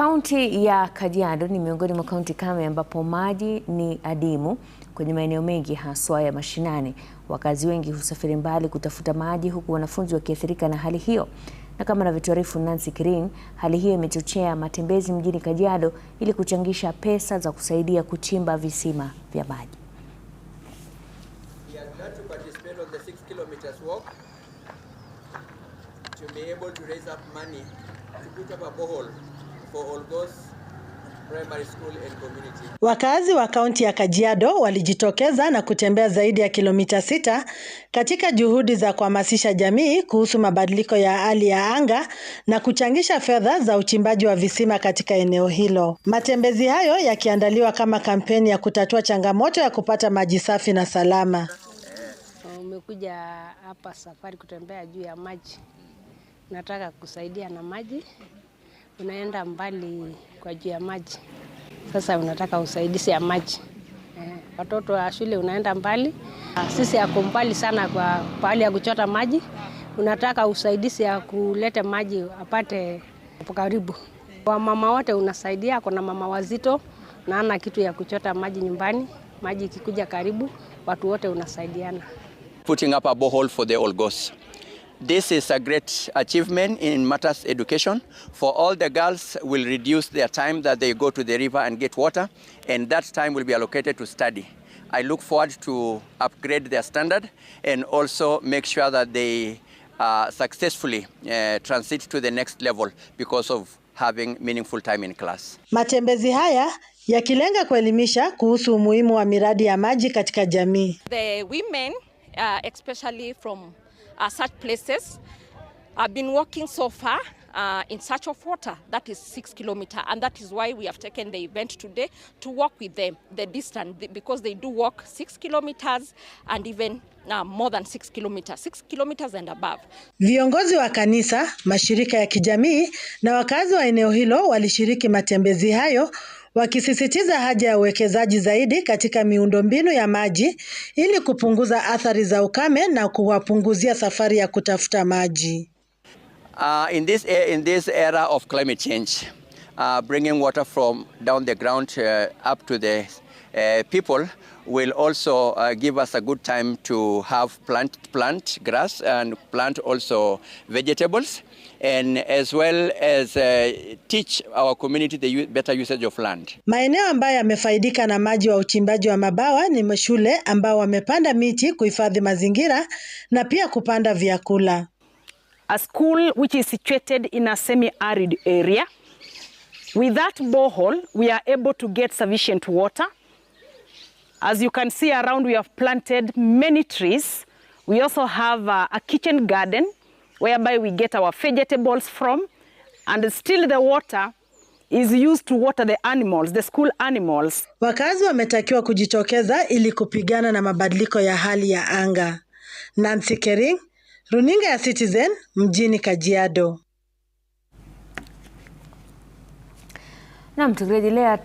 Kaunti ya Kajiado ni miongoni mwa kaunti kame ambapo maji ni adimu kwenye maeneo mengi haswa ya mashinani. Wakazi wengi husafiri mbali kutafuta maji huku wanafunzi wakiathirika na hali hiyo. Na kama anavyotuarifu Nancy kirin hali hiyo imechochea matembezi mjini Kajiado ili kuchangisha pesa za kusaidia kuchimba visima vya maji for Olgos Primary School and Community. Wakazi wa kaunti ya Kajiado walijitokeza na kutembea zaidi ya kilomita sita katika juhudi za kuhamasisha jamii kuhusu mabadiliko ya hali ya anga na kuchangisha fedha za uchimbaji wa visima katika eneo hilo. Matembezi hayo yakiandaliwa kama kampeni ya kutatua changamoto ya kupata maji safi na salama. Umekuja hapa safari kutembea juu ya maji. Nataka kusaidia na maji unaenda mbali kwa juu ya maji, sasa unataka usaidizi ya maji eh, watoto wa shule unaenda mbali, ah, sisi ako mbali sana kwa pahali ya kuchota maji, unataka usaidizi ya kuleta maji apate karibu. Kwa mama wote unasaidia, kuna mama wazito na ana kitu ya kuchota maji nyumbani, maji ikikuja karibu, watu wote unasaidiana. Putting up a borehole for the Olgos. This is a great achievement in matters education for all the girls will reduce their time that they go to the river and get water and that time will be allocated to study. I look forward to upgrade their standard and also make sure that they uh, successfully uh, transit to the next level because of having meaningful time in class. Matembezi haya yakilenga kuelimisha kuhusu umuhimu wa miradi ya maji katika jamii. The women, uh, especially from uh, such places. I've been walking so far uh, in search of water that is six kilometers. and that is why we have taken the event today to walk with them the distance because they do walk six kilometers and even uh, more than six kilometers, six kilometers and above. Viongozi wa kanisa, mashirika ya kijamii na wakazi wa eneo hilo walishiriki matembezi hayo wakisisitiza haja ya uwekezaji zaidi katika miundombinu ya maji ili kupunguza athari za ukame na kuwapunguzia safari ya kutafuta maji. Uh, in this, eh, in this era of climate change, uh, bringing water from down the ground, uh, up to the uh, people will also uh, give us a good time to have plant, plant grass and plant also vegetables and as well as uh, teach our community the better usage of land. Maeneo ambayo yamefaidika na maji wa uchimbaji wa mabawa ni shule ambao wamepanda miti kuhifadhi mazingira na pia kupanda vyakula. A school which is situated in a semi-arid area. With that borehole, we are able to get sufficient water. As you can see around, we have planted many trees. We also have a, a kitchen garden whereby we get our vegetables from, and still the water is used to water the animals, the school animals. Wakazi wametakiwa kujitokeza ili kupigana na mabadiliko ya hali ya anga. Nancy Kering, Runinga ya Citizen, mjini Kajiado. Na mtukirejelea